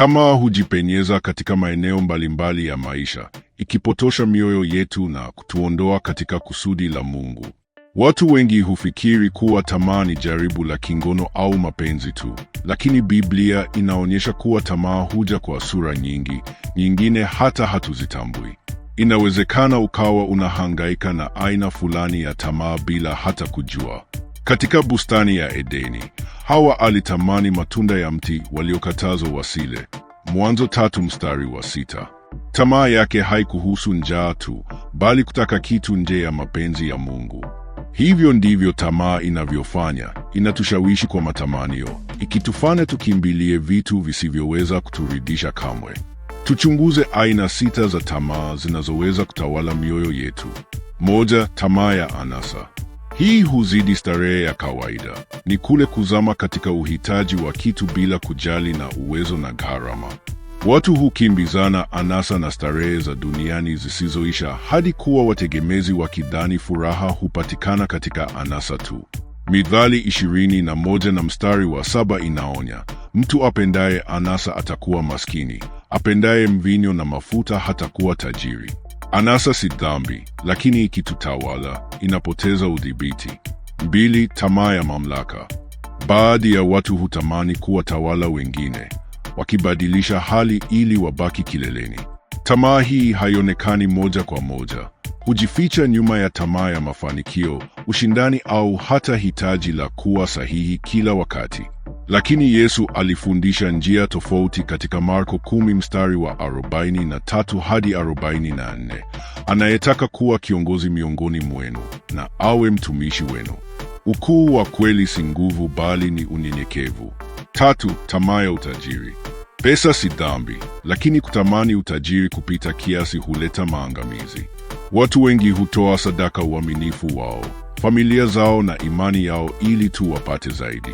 Tamaa hujipenyeza katika maeneo mbalimbali ya maisha, ikipotosha mioyo yetu na kutuondoa katika kusudi la Mungu. Watu wengi hufikiri kuwa tamaa ni jaribu la kingono au mapenzi tu, lakini Biblia inaonyesha kuwa tamaa huja kwa sura nyingi, nyingine hata hatuzitambui. Inawezekana ukawa unahangaika na aina fulani ya tamaa bila hata kujua. Katika bustani ya Edeni, Hawa alitamani matunda ya mti waliokatazwa wasile. Mwanzo tatu mstari wa sita. Tamaa yake haikuhusu njaa tu, bali kutaka kitu nje ya mapenzi ya Mungu. Hivyo ndivyo tamaa inavyofanya, inatushawishi kwa matamanio, ikitufanya tukimbilie vitu visivyoweza kuturidhisha kamwe. Tuchunguze aina sita za tamaa zinazoweza kutawala mioyo yetu. Moja, tamaa ya anasa. Hii huzidi starehe ya kawaida, ni kule kuzama katika uhitaji wa kitu bila kujali na uwezo na gharama. Watu hukimbizana anasa na starehe za duniani zisizoisha hadi kuwa wategemezi, wakidhani furaha hupatikana katika anasa tu. Mithali ishirini na moja na mstari wa saba inaonya, mtu apendaye anasa atakuwa maskini, apendaye mvinyo na mafuta hatakuwa tajiri. Anasa si dhambi, lakini ikitutawala inapoteza udhibiti. Mbili, tamaa ya mamlaka. Baadhi ya watu hutamani kuwa tawala wengine, wakibadilisha hali ili wabaki kileleni. Tamaa hii haionekani moja kwa moja, hujificha nyuma ya tamaa ya mafanikio, ushindani, au hata hitaji la kuwa sahihi kila wakati. Lakini Yesu alifundisha njia tofauti katika Marko kumi mstari wa tatu hadi nne. anayetaka kuwa kiongozi miongoni mwenu na awe mtumishi wenu. Ukuu wa kweli si nguvu, bali ni unyenyekevu. Tatu, tamaa ya utajiri. Pesa si dhambi, lakini kutamani utajiri kupita kiasi huleta maangamizi. Watu wengi hutoa sadaka uaminifu wao, familia zao na imani yao ili tu wapate zaidi.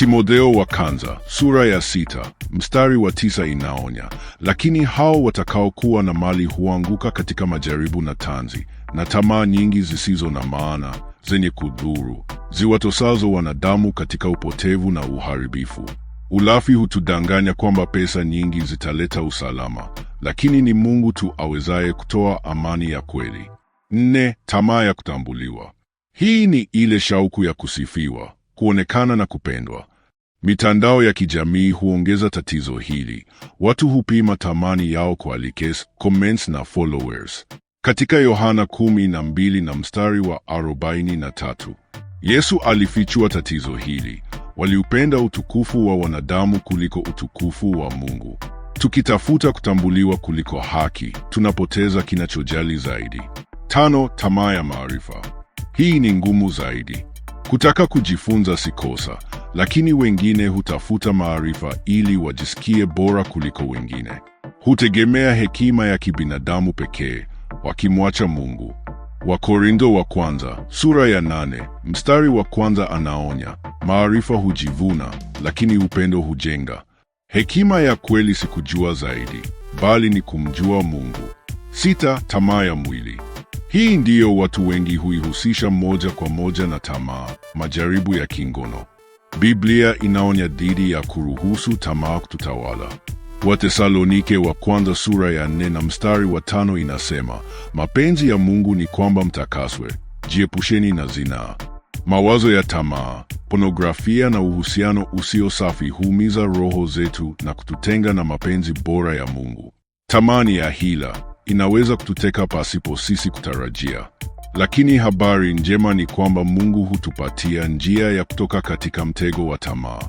Timotheo wa kwanza sura ya sita mstari wa tisa inaonya, lakini hao watakaokuwa na mali huanguka katika majaribu na tanzi na tamaa nyingi zisizo na maana zenye kudhuru, ziwatosazo wanadamu katika upotevu na uharibifu. Ulafi hutudanganya kwamba pesa nyingi zitaleta usalama, lakini ni Mungu tu awezaye kutoa amani ya kweli. Nne, tamaa ya kutambuliwa. Hii ni ile shauku ya kusifiwa kuonekana na kupendwa. Mitandao ya kijamii huongeza tatizo hili. Watu hupima thamani yao kwa likes, comments na followers. Katika Yohana kumi na mbili na mstari wa arobaini na tatu Yesu alifichua tatizo hili: waliupenda utukufu wa wanadamu kuliko utukufu wa Mungu. Tukitafuta kutambuliwa kuliko haki, tunapoteza kinachojali zaidi. Tano, tamaa ya maarifa. Hii ni ngumu zaidi. Kutaka kujifunza si kosa, lakini wengine hutafuta maarifa ili wajisikie bora kuliko wengine. Hutegemea hekima ya kibinadamu pekee, wakimwacha Mungu. Wakorintho wa kwanza sura ya nane mstari wa kwanza anaonya, maarifa hujivuna, lakini upendo hujenga. Hekima ya kweli si kujua zaidi, bali ni kumjua Mungu. Sita, tamaa ya mwili. Hii ndiyo watu wengi huihusisha moja kwa moja na tamaa, majaribu ya kingono. Biblia inaonya dhidi ya kuruhusu tamaa kututawala. Watesalonike wa kwanza sura ya nne na mstari wa tano inasema, mapenzi ya Mungu ni kwamba mtakaswe, jiepusheni na zinaa. Mawazo ya tamaa, ponografia na uhusiano usio safi huumiza roho zetu na kututenga na mapenzi bora ya Mungu. Tamaa ni ya hila inaweza kututeka pasipo sisi kutarajia. Lakini habari njema ni kwamba Mungu hutupatia njia ya kutoka katika mtego wa tamaa.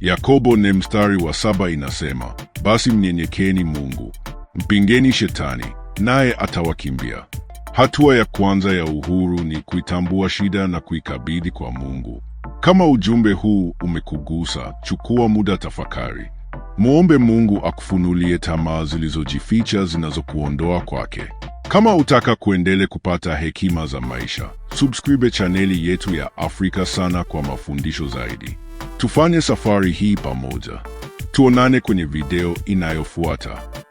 Yakobo ne mstari wa saba inasema, basi mnyenyekeni Mungu, mpingeni shetani, naye atawakimbia. Hatua ya kwanza ya uhuru ni kuitambua shida na kuikabidhi kwa Mungu. Kama ujumbe huu umekugusa, chukua muda tafakari. Muombe Mungu akufunulie tamaa zilizojificha zinazokuondoa kwake. Kama utaka kuendele kupata hekima za maisha, subscribe chaneli yetu ya Afrika Sana kwa mafundisho zaidi. Tufanye safari hii pamoja. Tuonane kwenye video inayofuata.